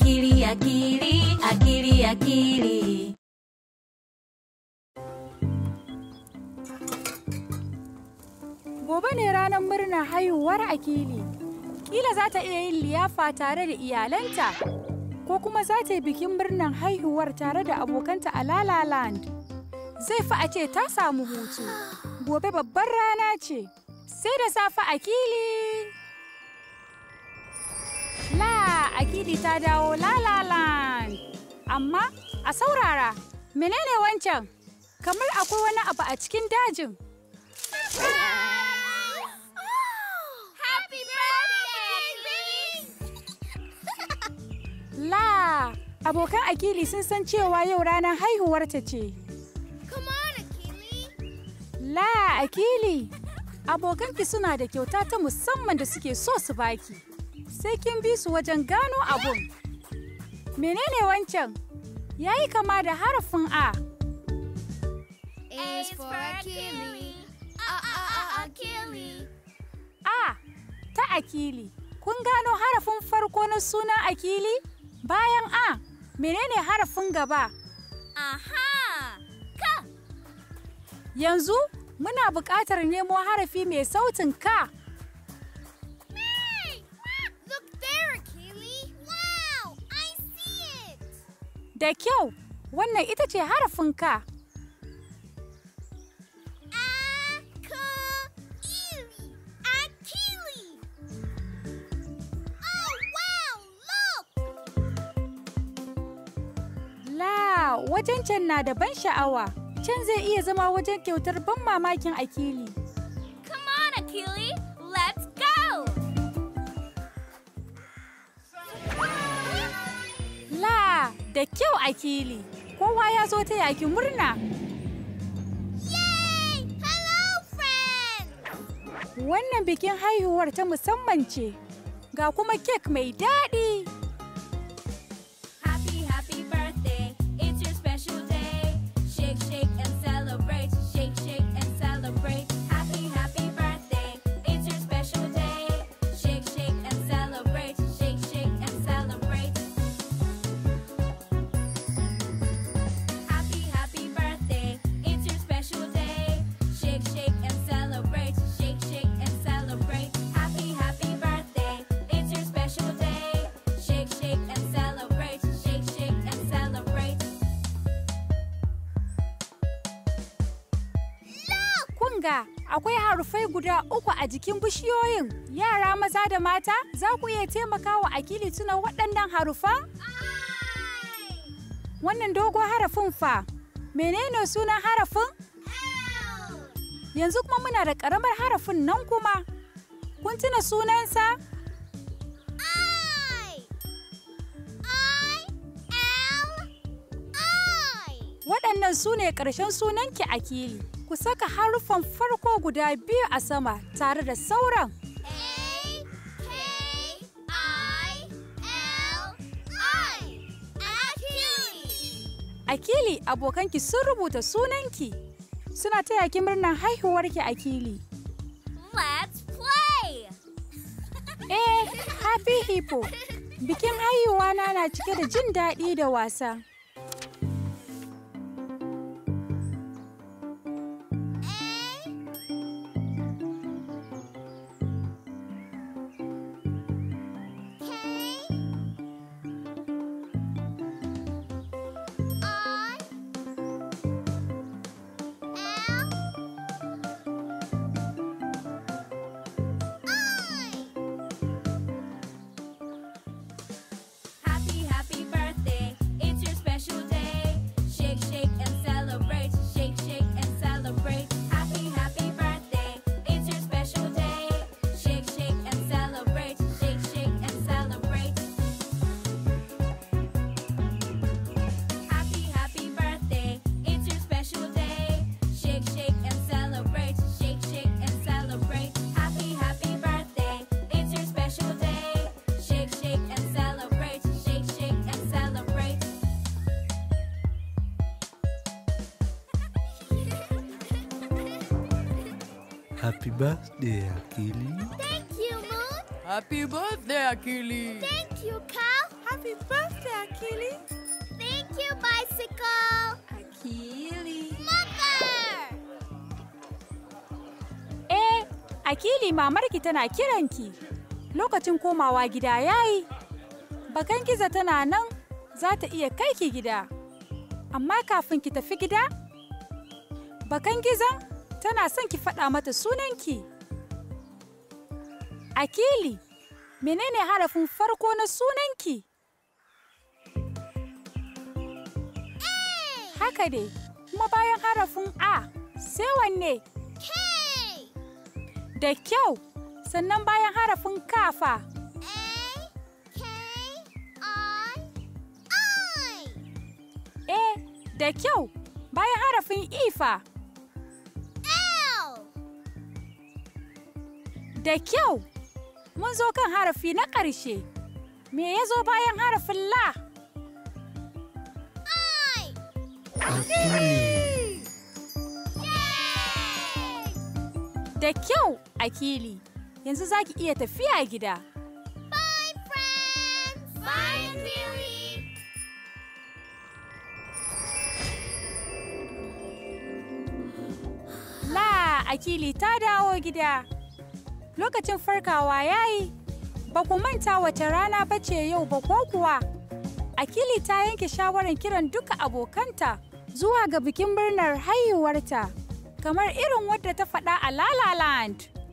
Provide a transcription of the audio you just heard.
akili akili akili akili gobe ne ranar murnar haihuwar akili kila za ta iya yin liyafa tare da iyalanta ko kuma za ta yi bikin murnar haihuwar tare da abokanta a lalaland zai fi a ce ta samu hutu gobe babbar rana ce sai da safe akili fili ta dawo lalalan. Amma a saurara, menene wancan? Kamar akwai wani abu a cikin dajin. La, abokan Akili sun san cewa yau ranar haihuwarta ce. La, Akili, abokanki suna da kyauta ta musamman da suke so su baki. sai kin bi su wajen gano abun. Menene wancan? Ya yi kama da harafin A. A ta Akili. Kun gano harafin farko na suna Akili? Bayan A, menene harafin gaba? Aha! Ka! Yanzu muna buƙatar nemo harafi mai sautin ka. Da kyau, wannan ita ce harafin ka. Oh, La, wajen can na da ban sha'awa. Can zai iya zama wajen kyautar ban mamakin akili. akili kowa ya zo ta yaki murna wannan bikin haihuwar ta musamman ce ga kuma kek mai daɗi ga akwai harufai guda uku a jikin bishiyoyin. Yara maza da mata, za ku iya taimakawa akili tuna waɗannan harufan? Wannan dogo harafin fa, menene sunan harafin? Yanzu kuma muna da ƙaramar harafin nan kuma. Kun tuna sunansa? wannan su ne ƙarshen sunanki Akili. Ku saka haruffan farko guda biyu a sama tare da sauran. Akili abokanki sun rubuta sunanki. Suna taya ki murnar haihuwarki Akili. Let's play! eh, Happy Hippo. Bikin haihuwa na cike da jin daɗi da wasa. Happy birthday, Akili. Thank you, Moon. Happy birthday, Akili. Thank you, Cow. Happy birthday, Akili. Thank you, Bicycle. Akili. Mother! Eh, Akili mamarki tana kiranki. Lokacin komawa gida yayi. Bakan giza tana nan za ta iya kai ki gida. Amma kafin ki tafi gida, bakan gizan Tana son ki faɗa mata sunanki. Akili, menene harafin farko na sunanki? Haka dai, kuma bayan harafin A, sai wanne? K. Da kyau, sannan bayan harafin kafa. Eh, da kyau, bayan harafin ifa. Da kyau, mun zo kan harafi na ƙarshe. Me ya zo bayan harafin la? Da kyau, Akili, yanzu za ki iya tafiya gida. La, Akili ta dawo gida. lokacin farkawa ya yi ba ku manta wace rana ba ce yau ba ko kuwa akili ta yanke shawarar kiran duka abokanta zuwa ga bikin murnar haihuwarta kamar irin wadda ta faɗa a lalaland